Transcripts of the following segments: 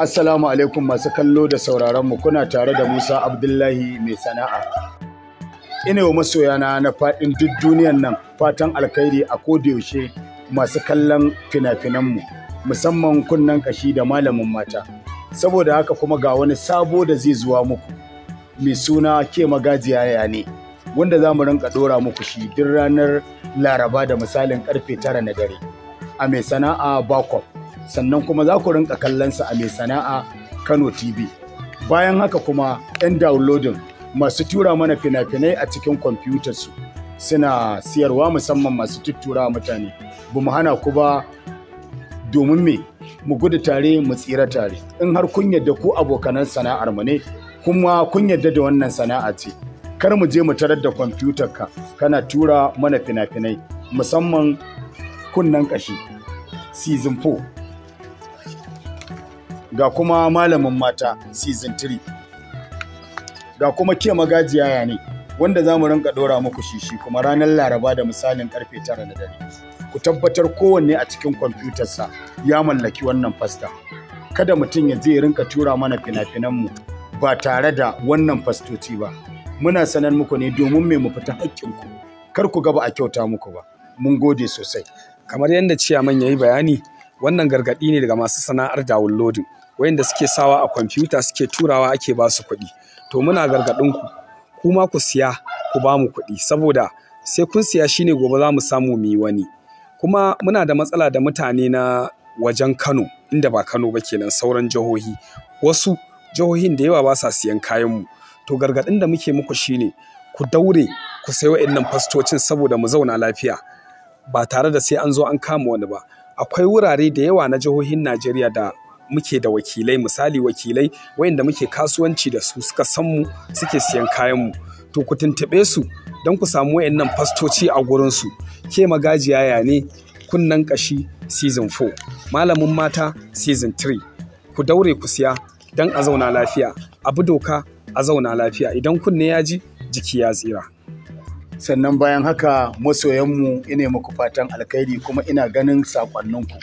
Assalamu alaikum masu kallo da sauraron mu kuna tare da Musa Abdullahi mai sana'a. Ina wa masoyana na faɗin duk duniyan nan fatan alkhairi a yaushe masu kallon fina-finanmu musamman kunnen kashi da malamin mata. Saboda haka kuma ga wani sabo da zai zuwa muku mai suna ke magajiya ya ne wanda za mu rinka ɗora muku shi duk ranar laraba da misalin karfe tara na dare a mai sana'a bakwai. sannan kuma za ku rinka kallon sa a mai sana'a Kano TV. Bayan haka kuma 'yan downloading masu tura mana fina-finai a cikin kwamfutarsu suna siyarwa musamman masu tuttura mutane. Ba mu hana ku ba domin me mu gudu tare mu tsira tare. In har kun yadda ku abokanan sana'ar mu ne kuma kun yadda da wannan sana'a ce. Kar mu je mu tarar da kwamfutarka kana tura mana fina-finai musamman kunnen ƙashi. Season 4 ga kuma malamin mata season 3 ga kuma ke magajiya ya ne wanda za mu rinka ɗora muku shishi kuma ranar laraba da misalin karfe tara na dare ku tabbatar kowanne a cikin kwamfutarsa ya mallaki wannan fasta kada mutum ya je rinka tura mana fina finan mu ba tare da wannan fastoci ba muna sanar muku ne domin mai mu fita hakkinku kar ku gaba a kyauta muku ba mun gode sosai kamar yadda ciyaman ya yi bayani wannan gargaɗi ne daga masu sana'ar downloading wayanda suke sawa a kwamfuta suke turawa ake ba su kuɗi to muna gargaɗin ku kuma ku siya ku ba mu kuɗi saboda sai kun siya shine gobe za mu samu mu yi wani kuma muna da matsala da mutane na wajen Kano inda ba Kano ba kenan sauran jihohi wasu jihohin da yawa ba sa siyan kayan mu to gargaɗin da muke muku shine ku daure ku sai wa'annan fastocin saboda mu zauna lafiya ba tare da sai an zo an kama wani ba akwai wurare da yawa na jihohin Najeriya da muke da wakilai misali wakilai wayanda muke kasuwanci da su suka san mu suke siyan kayan mu to ku tuntuɓe su don ku samu wayannan fastoci a gurin su ke magajiya ya ne kunnan kashi season 4 malamin mata season 3 ku daure ku siya don a zauna lafiya abu doka a zauna lafiya idan kunne ya ji jiki ya tsira sannan bayan haka masoyanmu ina muku fatan alkhairi kuma ina ganin sakonninku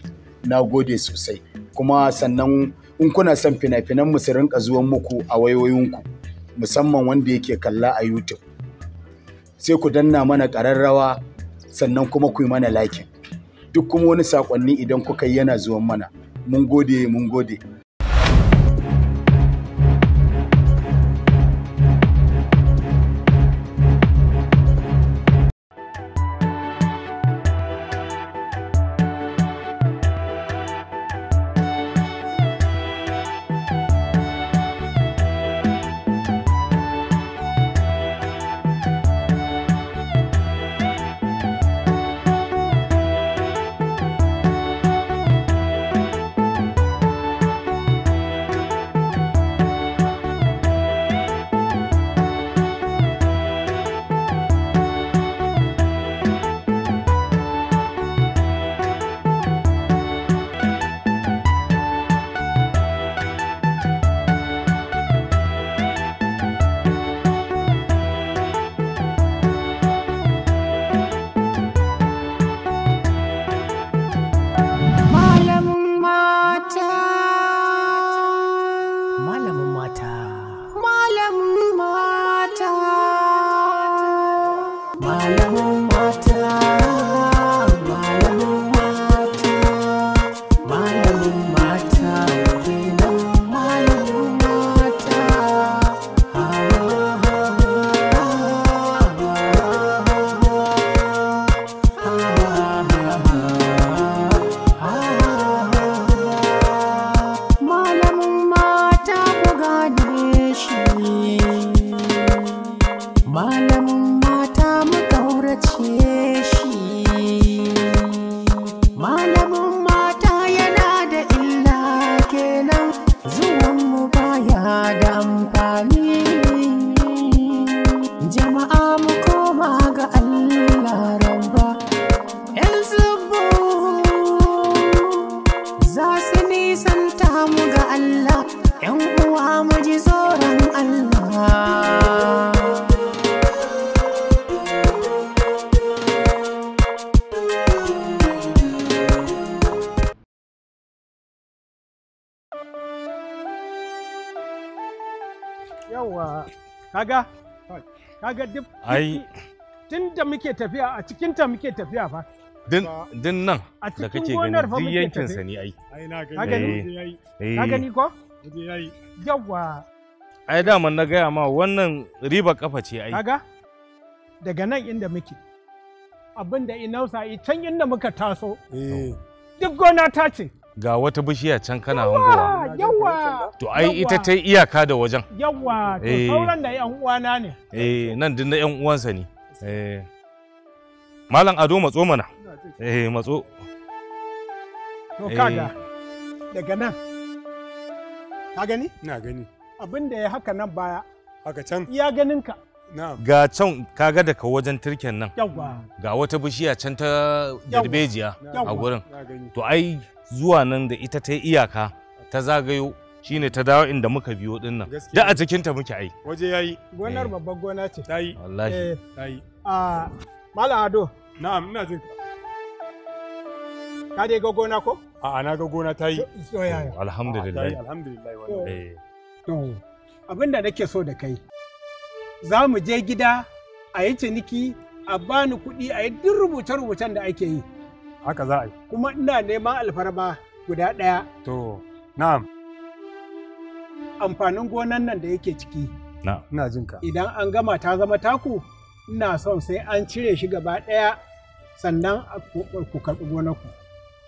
na gode sosai kuma sannan in kuna son fina-finan mu rinka zuwan muku a wayoyinku musamman wanda yake kalla a YouTube. Sai ku danna mana ƙararrawa sannan kuma ku yi mana laikin Duk kuma wani saƙonni idan kuka yi yana zuwan mana. Mun gode, mun gode. kaga kaga duk ai tun da muke tafiya a cikin ta muke tafiya fa din nan da kake gani duk yankin sa ne ai Kaga ni eh. ko yawa ai daman na gaya ma wannan riba kafa ce ai kaga daga nan inda muke abin da inausa can inda muka taso eh. duk gona ta ce ga wata bishiya can kana hangowa yawa to ai ita ta iyaka da wajen yawa to eh. sauran da yan uwana ne eh nan din da yan uwansa ne eh malam ado matso mana eh matso to kaga eh. daga nan ka gani na gani abinda da ya haka nan baya haka can iya ganin ka ga can kaga daga wajen turken nan ga wata bishiya can ta darbejiya a gurin to ai zuwa nan da ita ta yi iyaka ta zagayo shine ta dawo inda muka biyo din nan da a cikin ta muke ai waje yayi gonar eh. babban gona ce tayi wallahi eh. tayi a ah, malam ado na'am ina jin ka dai ga gona ko a ana ga gona tayi oh, alhamdulillah ah, alhamdulillah to eh. abinda nake so da kai za mu je gida a yi ciniki a bani kuɗi a yi duk rubuce-rubucen da ake yi haka za a yi kuma ina neman alfarma guda ɗaya to na'am amfanin gonan nan da yake ciki Na'am. ina jin ka idan an gama ta zama taku ina son sai an cire shi gaba ɗaya sannan ku karɓi gonar ku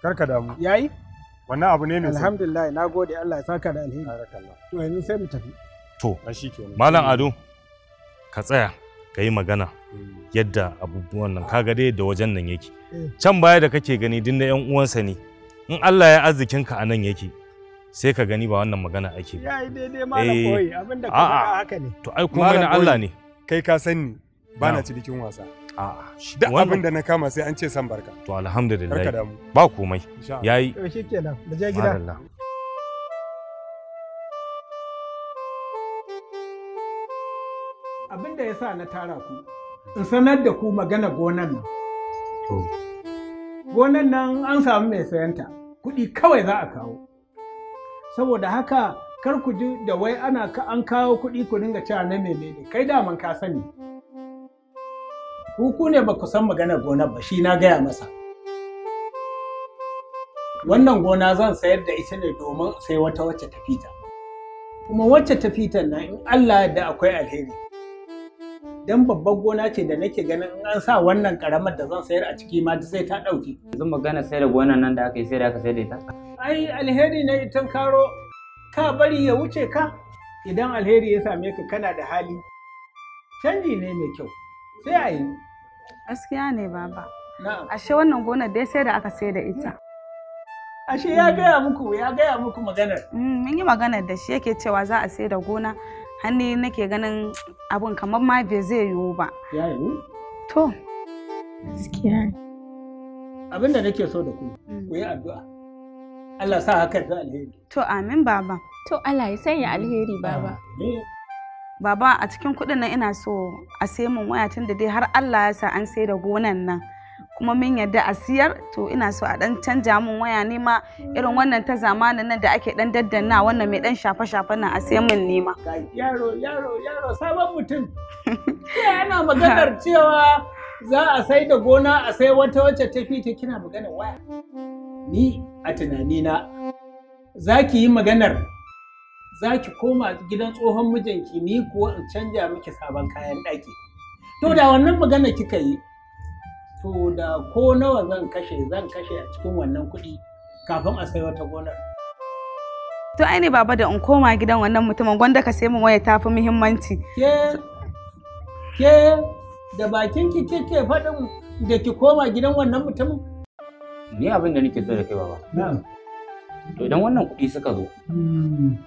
karka damu yayi wannan abu ne mai sai. alhamdulillah na gode Allah ya saka da alheri Barakallah. to yanzu sai mu tafi to malam ado ka tsaya ka yi magana yadda abubuwan nan kaga dai da wajen nan yake mm. can baya da kake gani din na yan uwansa ne in Allah ya arzikin ka anan yake sai ka gani ba wannan magana ake ba yayi daidai malam koyi eh, abinda ka faɗa haka ne to ai kuma ne Allah ne kai ka sani ba na cikin wasa a'a duk abin da na kama sai an ce san barka to alhamdulillah ba komai yayi to shikenan da je gida abin da ya sa na tara ku in sanar da ku magana gonan nan. Gonan nan an samu mai sayanta, kuɗi kawai za a kawo. Saboda haka kar ku ji da wai ana ka an kawo kuɗi ku dinga cewa na ne, kai daman ka sani. Ku ne ba ku san magana gonar ba shi na gaya masa. Wannan gona zan sayar da ita ne domin sai wata wacce ta fita. Kuma wacce ta fitan nan in Allah da akwai alheri. dan babbar gona ce da nake ganin in an sa wannan karamar da zan sayar a ciki ma sai ta dauke yanzu magana sayar da gonan nan da aka yi sai da aka sayar da ita ai alheri ne itan karo ka bari ya wuce ka idan alheri ya same ka kana da hali canji ne mai kyau sai a yi gaskiya ne baba ashe wannan gona dai sai da aka sayar da ita ashe ya mm. gaya muku ya gaya muku maganar mm, mun yi maganar da shi yake cewa za a sai da gona hannu nake ganin abun kamar ma bai zai yiwu ba to gaskiya abin da nake so da ku ku yi addu'a Allah sa haka da alheri to amin baba to Allah ya sanya alheri baba baba a cikin kuɗin nan ina so a sai mun waya tun da dai har Allah ya sa an sai da gonan nan kuma min yadda a siyar to ina so a dan canja min waya ne ma irin wannan ta zamanin nan da ake dan daddanna wannan mai dan shafa shafa nan a sai min nema yaro yaro yaro sabon mutum ana maganar cewa za a sai da gona a sai wata wacce ta fi ta kina maganar waya ni a tunanina za ki yi maganar za ki koma gidan tsohon mijinki ni kuwa in canja miki sabon kayan ɗaki to da wannan magana kika yi to da ko nawa zan kashe zan kashe a cikin wannan kuɗi kafin a sai wata gonar. To ai ne baba da in koma gidan wannan mutumin gwanda ka sai min waya tafi muhimmanci. Ke ke da bakin ki ke faɗin da ki koma gidan wannan mutumin. Ni abin da nake so da kai baba. To idan wannan kuɗi suka zo. Hmm.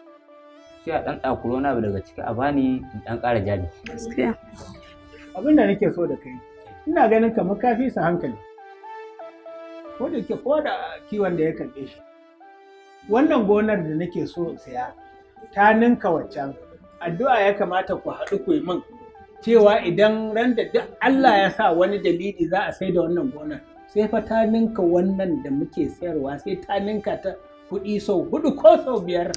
Sai a ɗan ɗakuro na daga ciki a bani in ɗan ƙara jari. Gaskiya. Abin da nake so da kai. ina ganin kamar ka fi sa hankali ko da ke ko da kiwon da ya karɓe shi wannan gonar da nake so saya ta ninka waccan addu'a ya kamata ku haɗu ku yi min cewa idan ran da duk Allah ya sa wani dalili za a sai da wannan gonar sai fa ta ninka wannan da muke sayarwa sai ta ninka ta kuɗi sau hudu ko sau biyar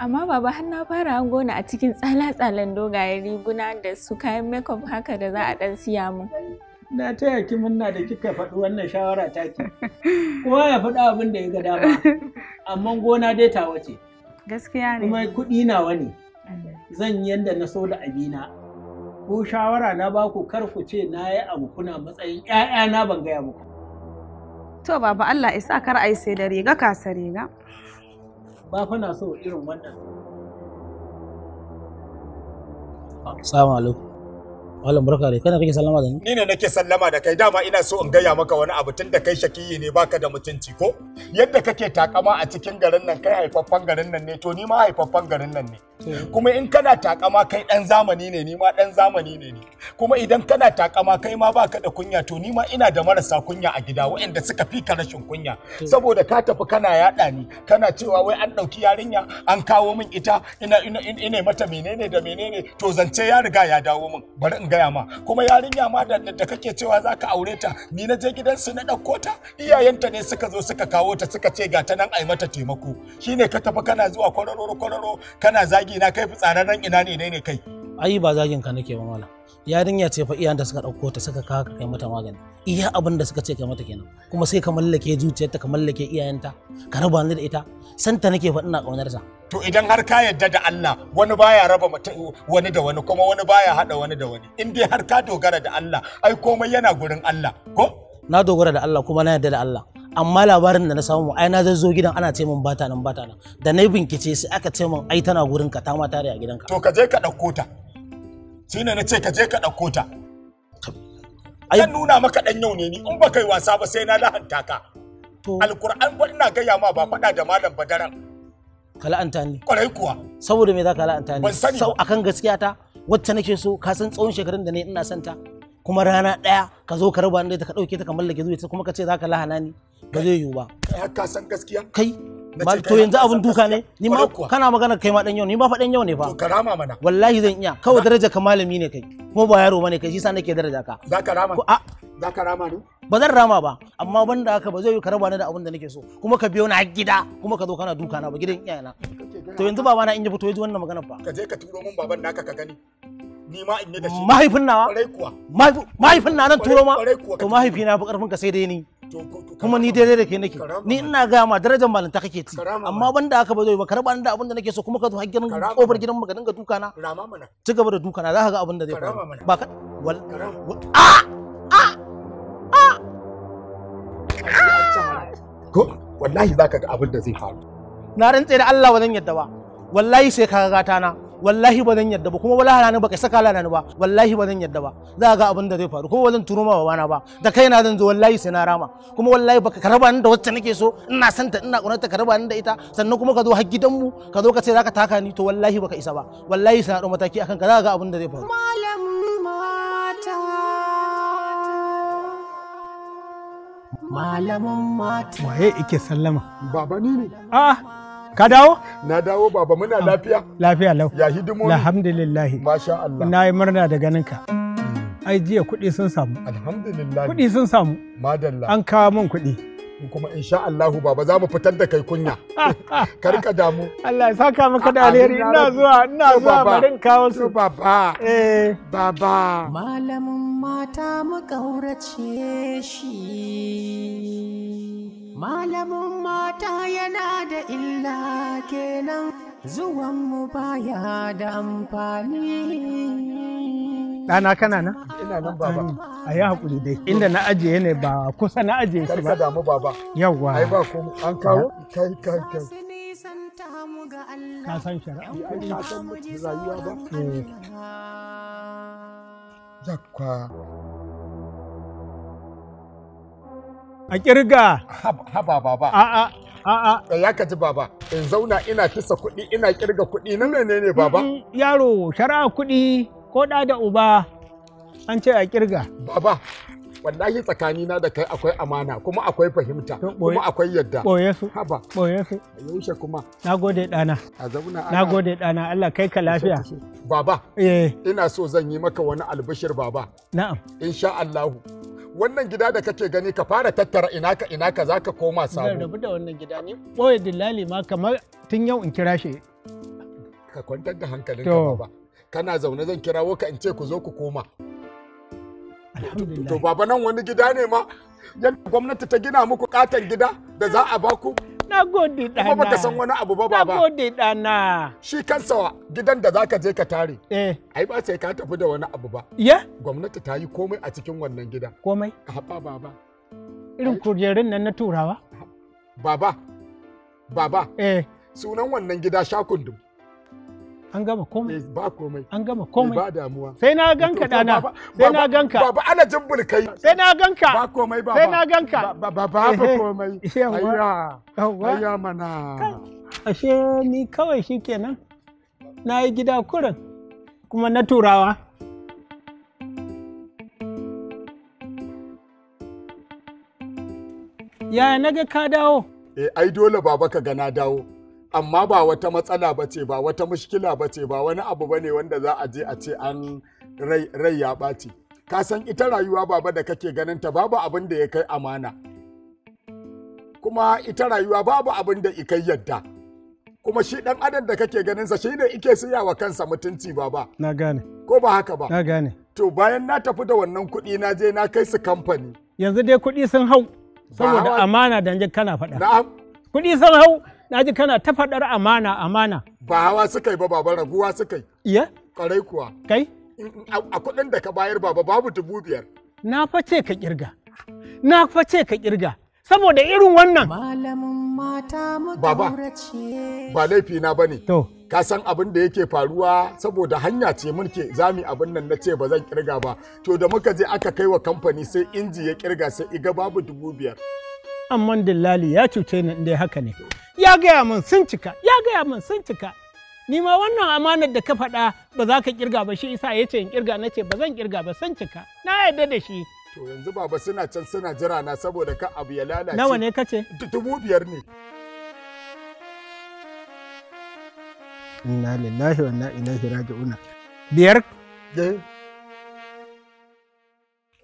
amma baba har na fara hango a cikin tsala-tsalan dogayen riguna da su kayan makeup haka da za a dan siya mun na taya ki munna da kika faɗi wannan shawara ta ki kowa ya faɗi abin da ya ga dama amma gona dai tawa ce gaskiya ne kuma kuɗi nawa ne zan yanda na so da abina ko shawara na baku kar ku ce na yi abu kuna matsayin na, ban gaya muku to baba Allah isa kar ai sai da riga kasa riga ba fa na so irin wannan assalamu alaikum Malam barka dai kana kake sallama da ni? Ni ne nake sallama da kai dama ina so in gaya maka wani abu tun da kai shakiyi ne baka da mutunci ko? Yadda kake takama a cikin garin nan kai haifaffen garin nan ne to ni ma haifaffen garin nan ne. kuma in kana takama kai dan zamani ne ni ma dan zamani ne ni kuma idan kana takama kai ma baka da kunya to ni ma ina da marasa kunya a gida waɗanda suka fi ka rashin kunya saboda ka tafi kana yaɗa ni kana cewa wai an ɗauki yarinya an kawo min ita ina ina ina mata menene da menene to zance ya riga ya dawo min bari in gaya ma kuma yarinya ma da, da kake cewa zaka aure ta ni na je gidansu na ɗauko ta iyayenta ne suka zo suka kawo ta suka ce ga ta nan ai mata taimako shine ka tafi kana zuwa kwararo kwararo kana zagi zagi na kai fitsararren ina ne ne kai ai ba zagin ka nake ba malam yarinya ce fa da suka dauko ta suka kaka kai mata magani iya abin da suka ce kai mata kenan kuma sai ka mallake zuciyarta ka mallake iyayenta ka raba ni da ita santa nake fa ina kaunar sa to idan har ka yadda da Allah wani baya raba wani da wani kuma wani baya hada wani da wani in dai har ka dogara da Allah ai komai yana gurin Allah ko na dogara da Allah kuma na yadda da Allah amma labarin da na samu ai na zazzo gidan ana ce min bata nan bata nan da na bincike sai aka ce min ai tana gurin ka ta ma tare a gidanka to ka je ka dauko ta shine na ce ka je ka dauko ta kan nuna maka dan yau ne ni in baka kai wasa ba sai na lahanta ka alquran ba ina gaya ma ba faɗa da malam badaran ka la'anta ni kwarai kuwa saboda me za ka la'anta ni ban sani sau akan gaskiya ta wacce nake so ka san tsawon shekarun da ne ina son ta kuma rana ɗaya ka zo ka raba ni ta ka ɗauke ta ka mallake zuwa kuma ka ce za ka lahana ni ba zai yiwu ba kai ka san gaskiya kai ma to yanzu abun duka ne ni ma kana magana kai ma dan yau ni ma fa dan yau ne fa to karama mana wallahi zan iya kawai daraja ka malami ne kai kuma ba yaro bane kai shi sa nake daraja ka za ka rama a za ka rama ne ba zan rama ba amma banda haka ba zai yi ka raba ni da abin da nake so kuma ka biyo ni har gida kuma ka zo kana duka na ba gidan na. to yanzu baba na in ya fito yanzu wannan maganar fa ka je ka turo min baban naka ka gani ni ma in ne da shi mahaifin nawa mahaifin na nan turo ma to mahaifi na fi karfin ka sai dai ni kuma ni daidai da kai nake ni ina ga ma darajar malanta kake ci amma banda aka bazo ba karba da abin da nake so kuma ka zo har kofar gidan mu ka dinga duka na ci gaba da duka na ka ga abin da zai faru ba ka wal a a a ko wallahi ka ga abin da zai faru na rantse da Allah ba zan yadda ba wallahi sai ka ga gata na wallahi ba zan yadda ba kuma wala halani ba kai saka halani ba wallahi ba zan yadda ba za ga abin da zai faru kuma ba zan turo ma babana ba da kaina zan zo wallahi sai na rama kuma wallahi baka karaba ni da wacce nake so ina son ta ina ƙaunar ta karaba ni da ita sannan kuma ka zo har gidan mu ka zo ka ce zaka taka ni to wallahi baka isa ba wallahi sai na dau mataki akan ka za ga abin da zai faru malam mata malamin mata waye ike sallama baba ni ne a'a Ka dawo? Na dawo baba muna ah, lafiya. Lafiya lau. Ya hidimomi. Alhamdulillah. Masha Allah. Na yi murna da ganinka. Ai jiya kuɗi sun samu. Alhamdulillah. Kuɗi sun samu. Madalla. An kawo min kuɗi. kuma insha Allahu baba za mu fitar da kai kunya kar ka damu Allah ya saka maka da alheri ina zuwa ina zuwa barin kawo su baba eh baba malamin mata mu kaurace shi malamin mata yana da illa kenan zuwan mu baya da amfani ɗana kana nan? ina nan baba a yi haƙuri dai inda na ajiye ne ba kusa na ajiye shi ba damu baba yawwa ai ba ko an kawo kai kai kai ka san shari'a ka san rayuwa ba zakwa a kirga haba baba a'a a'a da ya ka ji baba in zauna ina tisa kuɗi ina kirga kuɗi na menene baba mm, mm, yaro shari'a kuɗi ko da da uba an ce a kirga baba wallahi tsakani na da kai akwai amana kuma akwai fahimta kuma akwai yadda boye su haba boye su yaushe kuma nagode dana a zauna ana nagode dana Allah kai ka lafiya baba eh ina so zan yi maka wani albishir baba na'am insha Allah wannan gida da kake gani ka fara tattara ina ka ina ka zaka koma sabo zan rabu da wannan gida ne boye dillali ma kamar tun yau in kira shi ka kwantar da hankalin ka ba kana zaune zan kira ka in ce ku zo ku koma to baba nan wani gida ne ma yadda gwamnati ta gina muku katon gida da za a baku Na gode ɗana. Kuma baka san wani abu ba ba. Na gode ɗana. Shi kansa gidan da zaka je ka tare. Eh. Ai ba sai ka tafi da wani abu ba. Ya? Gwamnati ta yi komai a cikin wannan gida. Komai? Haɓa baba. Irin kujerun nan na turawa? Baba. Baba. Eh. Sunan wannan gida shakundum. an gama komai eh, ba komai an gama komai eh, ba damuwa sai na ganka dana sai na ganka baba ana jimbul kai sai na ganka ba komai baba sai na ganka ba ba eh, komai ayya yawa ayya mana ashe ni kawai shikenan na yi gida kurin kuma na turawa yaya naga ka dawo eh ai dole baba ka ga na dawo amma ba wata matsala ba ce ba wata mushkila ba ce ba wani abu ba ne wanda za a je a ce an rai ya ɓaci ka san ita rayuwa baba da kake ganin ta babu abin da ya kai amana kuma ita rayuwa babu abin da ya kai yadda kuma shi dan adam da kake ganin sa shi ne ike siya wa kansa mutunci baba na gane ko ba haka ba na gane to bayan na tafi da wannan kuɗi na je na kai su kamfani yanzu dai kuɗi sun hau saboda amana da kana faɗa kuɗi sun hau na ji kana ta faɗar amana amana ba hawa suka yi ba baba raguwa suka yi iya ƙwarai kuwa kai a kuɗin da ka bayar baba babu dubu biyar na face ka kirga na face ka kirga saboda irin wannan malamin mata baba ba laifi na bane to ka san abin da yake faruwa saboda hanya ce mun ke zami abin nan na ce ba zan kirga ba to da muka je aka kai wa kamfani sai inji ya kirga sai iga babu dubu biyar amman dillali ya cuce ni dai haka ne ya gaya min sun cika ya gaya min sun cika ni ma wannan amanar da ka faɗa ba za ka kirga ba shi isa ya ce in kirga na ce ba zan kirga ba sun cika na yarda da shi to yanzu baba suna can suna jira na saboda ka abu ya lalace nawa ne kace dubu biyar ne inna lillahi wa inna ilaihi raji'un biyar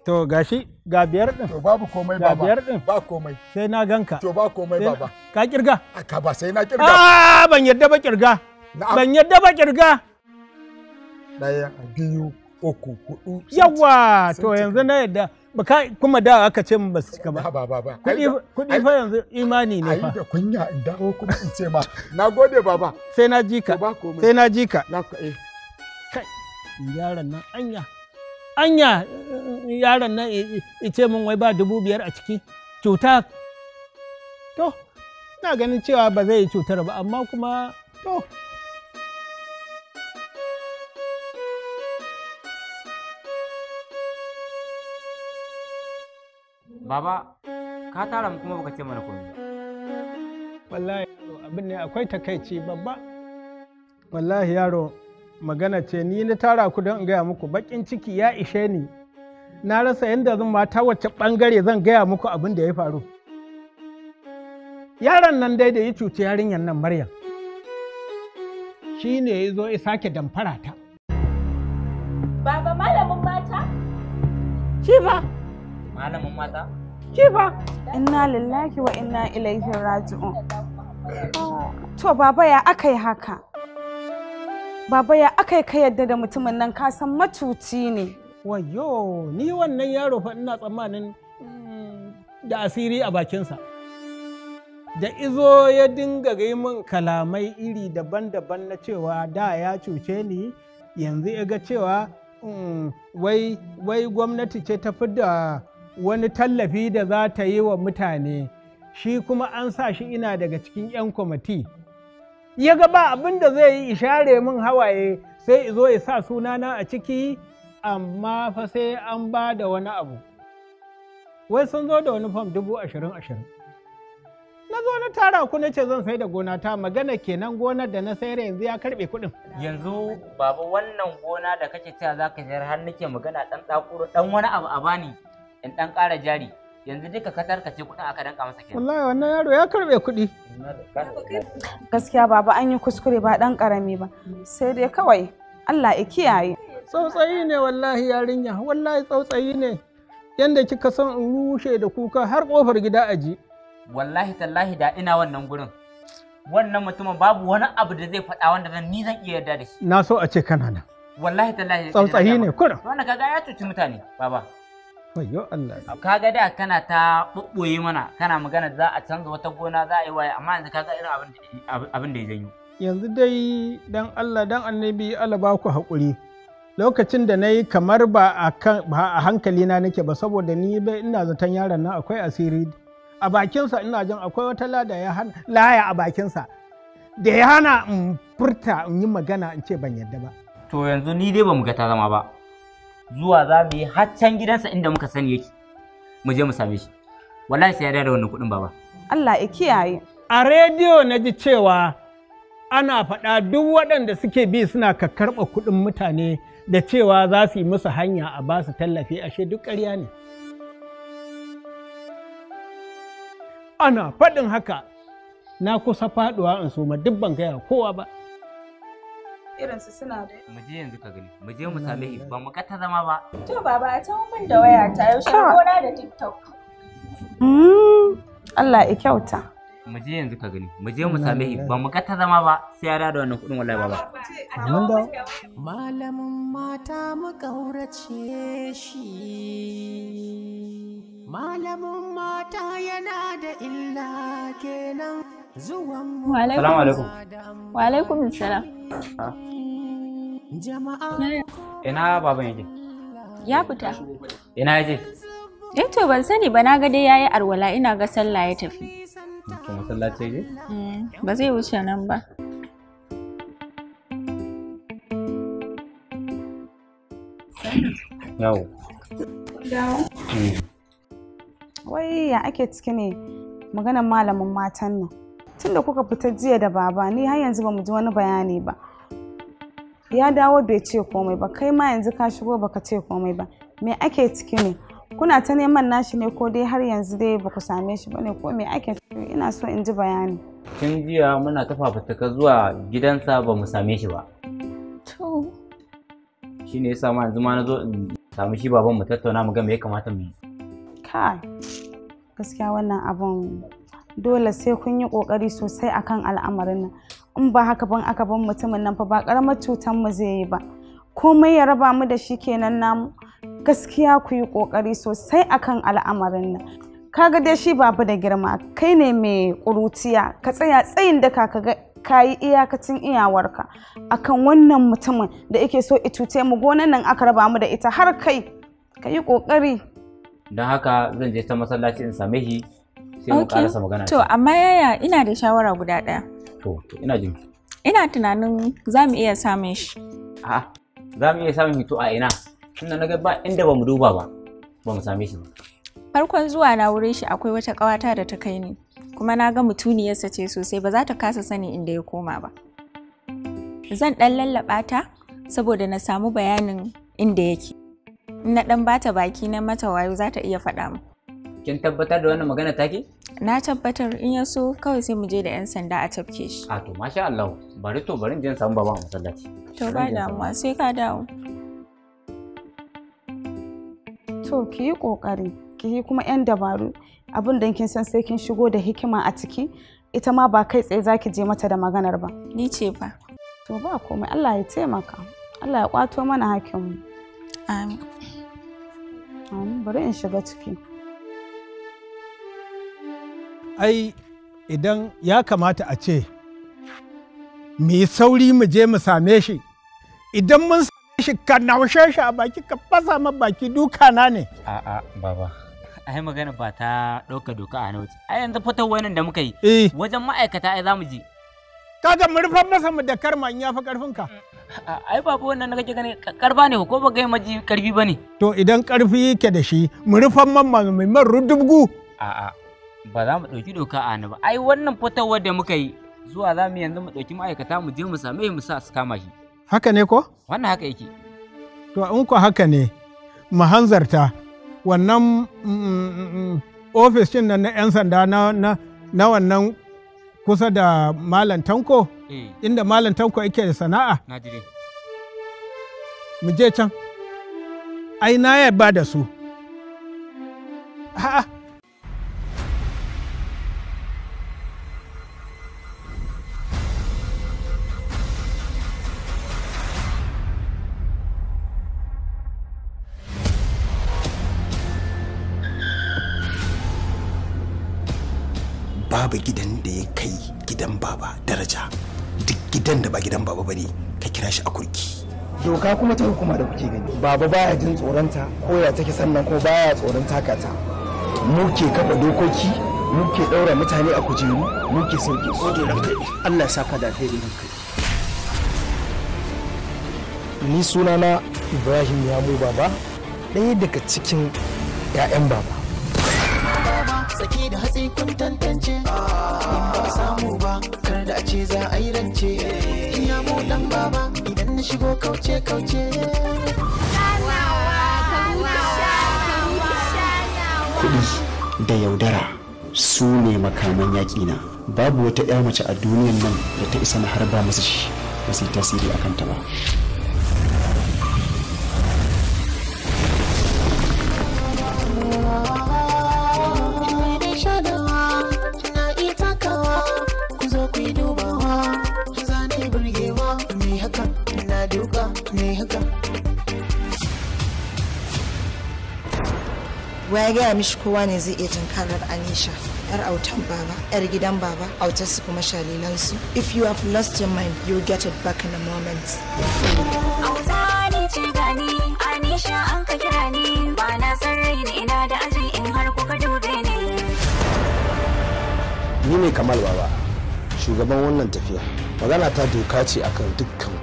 To gashi ga biyar din. To babu komai baba. Ga biyar din. Ba komai. Sai na ganka. To ba komai baba. Ka kirga? Ka ba sai na kirga. Ah ban yadda ba kirga. Ban yadda ba kirga. Daya biyu uku hudu. Yawa to yanzu na yadda. Baka kuma da aka ce min ba su cika ba. Ba ba ba. kudi kudi fa yanzu imani ne fa. Ai da kunya in dawo kuma in ce ma. nagode baba. Sai na jika Sai na jika Na ka eh. Kai. yaran nan anya. anya yaron nan ce min wai ba dubu biyar a ciki cuta to ina ganin cewa ba zai yi cutar ba amma kuma to Baba, ka tara mu kuma baka ce mana komai. Wallahi abin ne akwai takaici babba. Wallahi yaro magana ce ni na tara ku don in gaya muku bakin ciki ya ishe ni na rasa yadda zan mata wacce bangare zan gaya muku abin da ya faru yaron nan dai da ya cuci yarinyar nan maryam shi ne ya zo ya sake damfara ta baba malamin mata shi ba malamin mata shi inna lillahi wa inna ilaihi raji'un to baba ya aka yi haka Baba ya aka ka yadda da mutumin nan ka san matuci ne. Wayo, ni wannan yaro fa ina tsammanin mm, da asiri a bakinsa. Da izo ya dinga gai min kalamai iri daban-daban na cewa da ya cuce ni yanzu ya ga cewa mm, wai wai gwamnati ce ta da wani tallafi da za ta yi wa mutane shi kuma an sa shi ina daga cikin 'yan kwamiti. ya ga ba abin da zai yi ishare min hawaye sai izo ya sa sunana a ciki amma fa sai an ba da wani abu wai sun zo da wani fam dubu ashirin ashirin na zo na tara ku na ce zan sai da gona ta magana kenan gonar da na sayar yanzu ya karbe kuɗin yanzu Babu wannan gona da kake cewa za ka sayar har nake magana ɗan ɗakuro wani abu a bani in ɗan ƙara jari yanzu duka ka tarkace kuɗin aka danka masa kenan wallahi wannan yaro ya karbe kuɗi gaskiya baba an yi kuskure ba dan karami ba sai dai kawai Allah ya kiyaye tsautsayi ne wallahi yarinya wallahi tsautsayi ne yanda kika san in rushe da kuka har kofar gida aji wallahi tallahi da ina wannan gurin wannan mutumin babu wani abu da zai faɗa wanda zan ni zan iya yarda da shi na so a ce kana nan wallahi tallahi tsautsayi ne kuna wannan kaga ya cuci mutane baba Wayo Allah. ga da kana ta ɓuɓɓoye mana kana magana za a canza wata gona za a yi waye amma yanzu kaga irin abin da ya janyo. Yanzu dai dan Allah dan annabi Allah ba ku haƙuri. Lokacin da na yi kamar ba a hankali na nake ba saboda ni bai ina zaton yaron nan akwai asiri. A bakinsa ina jin akwai wata lada ya hana laya a bakinsa. Da ya hana in furta in yi magana in ce ban yadda ba. To yanzu ni dai ba mu ga ta zama ba. zuwa za mu yi haccan gidansa inda muka sani yake mu je mu same shi wallahi sai ya dare wannan kuɗin baba Allah ya kiyaye a rediyo na ji cewa ana faɗa duk waɗanda suke bi suna kakkarɓa kuɗin mutane da cewa za su yi musu hanya a ba su tallafi ashe duk ƙarya ne ana faɗin haka na kusa faɗuwa in suma duk ban gaya kowa ba irinsu suna da mu je yanzu ka gani mu je mu same shi ba mu ka ta zama ba to baba a ta mun da waya ta yaushe gona da tiktok hmm. Allah ya kyauta mu je yanzu ka gani mu je mu same shi ba mu ka ta zama ba sai ya da wannan kudin wallahi baba malamin mata mu kaurace shi malamin mata yana da illa kenan Salamu alaikum. Wa alaikum salam. Ina baban yake? Ya fita. Ina yaje? Eh to ban sani ba na ga dai yayi arwala ina ga sallah ya tafi. To masallaci yaje? Hmm, ba zai wuce nan ba. Yawo. Dawo. Hmm. Wai ya ake ciki ne maganar malamin matan nan. da kuka fita jiya da baba ni har yanzu ba mu ji wani bayani ba ya dawo bai ce komai ba kai ma yanzu ka shigo baka ce komai ba me ake ciki ne kuna ta neman nashi ne ko dai har yanzu dai ba ku same shi ba ne ko me ake ciki ina so in ji bayani tun jiya muna ta fafataka zuwa gidansa ba mu same shi ba to shine yasa ma yanzu ma na zo in samu shi baban mu tattauna mu ga me ya kamata mu yi kai gaskiya wannan abun dole sai kun yi ƙoƙari sosai akan al'amarin nan in ba haka ban aka ban mutumin nan fa ba ƙaramar cutar mu zai yi ba komai ya raba mu da shi kenan namu gaskiya ku yi ƙoƙari sosai akan al'amarin nan kaga dai shi babu da girma kai ne mai ƙuruciya ka tsaya tsayin da ka ga ka yi iyakacin iyawarka akan wannan mutumin da yake so cuce mu gonan nan aka raba mu da ita har kai ka yi ƙoƙari don haka zan je ta masallaci in same shi sai mu karasa magana to amma yaya ina da shawara guda ɗaya to to ina jin ina tunanin za mu iya samun shi a za mu iya samun hito a ina tunda na ga ba inda ba mu duba ba ba mu same shi ba farkon zuwa na wurin shi akwai wata ƙawata da ta kai ni kuma na ga mutuniyarsa ce sosai ba za ta kasa sani inda ya koma ba zan ɗan lallaba ta saboda na samu bayanin inda yake na ɗan bata baki na mata wayo za ta iya faɗa mu kin tabbatar da wannan magana take? Na tabbatar in ya so kawai sai mu je da 'yan sanda a tafke shi. A to masha Allah bari to barin jin samu baban masallaci. To ba damuwa sai ka dawo. To ki yi kokari ki yi kuma 'yan dabaru abin da kin san sai kin shigo da hikima a ciki ita ma ba kai tsaye zaki je mata da maganar ba. Ni ce ba. To ba komai Allah ya taimaka. Allah ya kwato mana hakinmu. Amin. Amin bari in shiga ciki. ai idan ya kamata a ce mu yi sauri mu je mu same shi idan mun same shi ka naushe shi a baki ka fasa ma baki duka na ne a'a baba ai magana ba ta ɗauka doka a nauti ai yanzu fitar wannan da muka yi eh. wajen ma'aikata ai mu je kaga mu rufar masa mu da karma in ya fi karfin ka ai babu wannan na kake gani karfa ne ko ba ga maji karfi ne? to idan karfi yake da shi mu rufar man mai man rudubgu a'a ba za mu ɗauki doka a ba ai wannan fatawar da muka yi zuwa za mu yanzu mu ɗauki ma'aikata mu je mu same mu sa su kama shi haka ne ko wannan haka yake to in ko haka ne mu hanzarta wannan mm, mm, mm, ofis nan na 'yan sanda na wannan kusa da malam tanko eh. inda malam tanko yake da sana'a mu je can ai na yarda da su a'a babu gidan da ya kai gidan baba daraja duk gidan da ba gidan baba bane ka kira shi a kurki doka kuma ta hukuma da kuke gani baba baya jin tsoronta ko ya take sannan ko baya tsoron takata mu ke kafa dokoki mu ke daura mutane a kujeru mu ke sauke Allah ya saka da alheri ni sunana Ibrahim Yamu Baba ɗaya daga cikin 'ya'yan baba saki da hatsi kun tantance in ba samu ba kar da a ce za a yi rance ina mu dan baba idan na shigo kauce kauce kuɗi da yaudara su ne makaman yaƙi na babu wata 'ya mace a duniyan nan da ta isa na harba masu shi ba su tasiri a kanta ba wa ya gaya mishi kowa ne zai iya tunkarar anisha yar autan baba yar gidan baba autar su kuma shalilan su if you have lost your mind you get it back in a moment anisha an ka ni ba ina da aji in har ni ne kamal baba shugaban wannan tafiya magana ta doka ce akan dukkan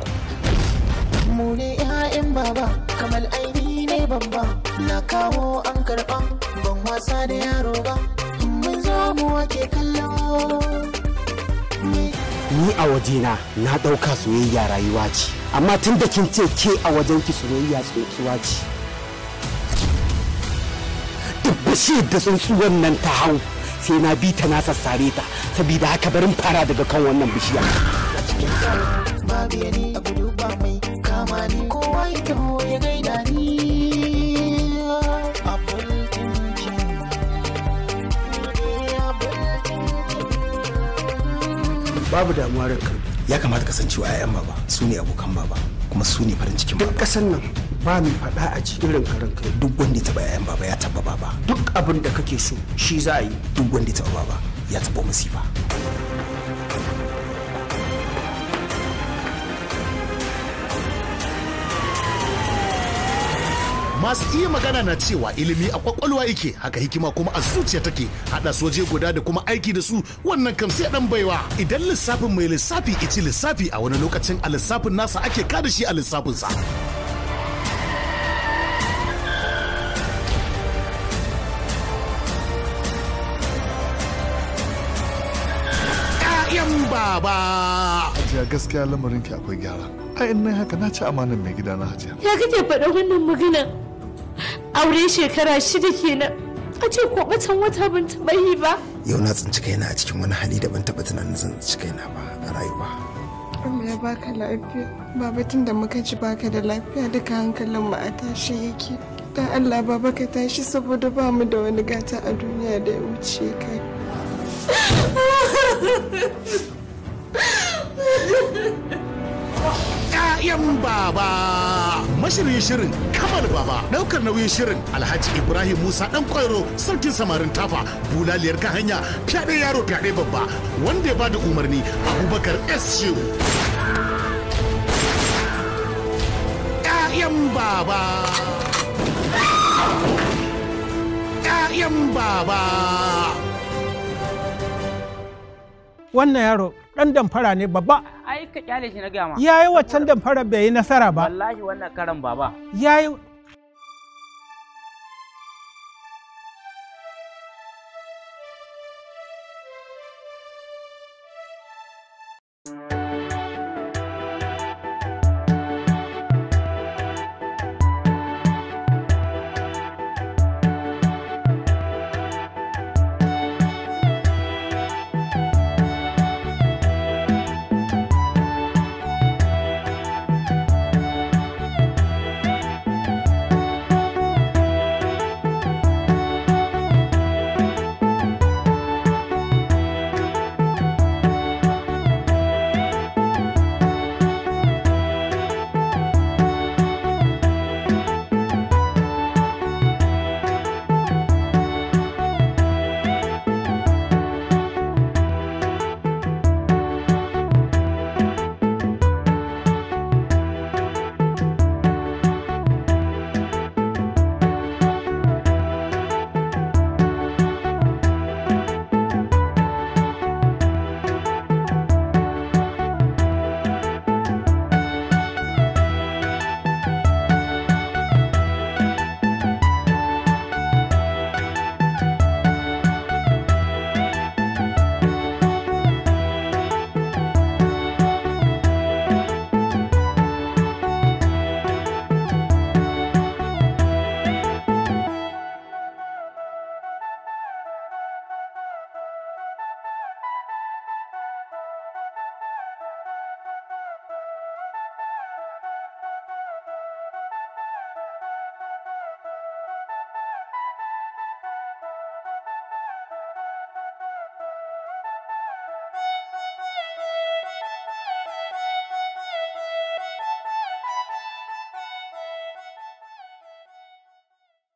ku mu ne 'ya'yan baba kamal ai bambam na kawo an karban ban wasa da yaro ba mun zo mu wake kallo ni a wajena na ɗauka soyayya rayuwa ce amma tun da kin ce ke a wajen ki soyayya tsotsuwa ce duk bashi da tsuntsuwan nan ta hau sai na bi ta na sassare ta saboda haka barin fara daga kan wannan bishiya babu yani abu ba mai kama ni kowa ya babu damuwa da ranka ya kamata wa 'ya'yan baba su ne abokan baba kuma su ne farin cikin baba duk kasan nan ba mai faɗa a cikin ranka ranka duk wanda ya taɓa 'ya'yan baba ya taba baba duk abin da kake so shi za a yi duk wanda ya taɓa baba ya taɓa masifa masu iya magana na cewa ilimi a kwakwalwa yake haka hikima kuma a zuciya take hada soje guda da kuma aiki da su wannan kam sai dan baiwa idan lissafin mai lissafi ici lissafi a wani lokacin a lissafin nasa ake kada shi a lissafinsa. baba. Hajiya gaskiya lamarin ki akwai gyara. Ai in nan haka na ci amanin mai gida na Hajiya. Ya kake faɗa wannan magana? aure shekara shida kenan a ce ko batan wata ban taba yi ba yau na tsinci kaina a cikin wani hali da ban taba tunanin zan tsinci kaina ba a rayuwa amma ya baka lafiya baba tun da muka ji baka da lafiya duka hankalin mu a tashi yake dan Allah baba ka tashi saboda ba mu da wani gata a duniya da ya wuce kai ‘Ya'yan baba mashirin shirin kamal baba daukar nauyin shirin alhaji ibrahim musa dan kwairo sarkin samarin tafa bulaliyar kan hanya fyaɗe yaro fyaɗe babba wanda ya bada umarni abubakar s shehu ƴaƴan baba ƴaƴan baba wannan yaro ɗan damfara ne babba ka kyale shi na gama. Yayi waccan da fara bai yi nasara ba. Wallahi wannan karan baba. Yayi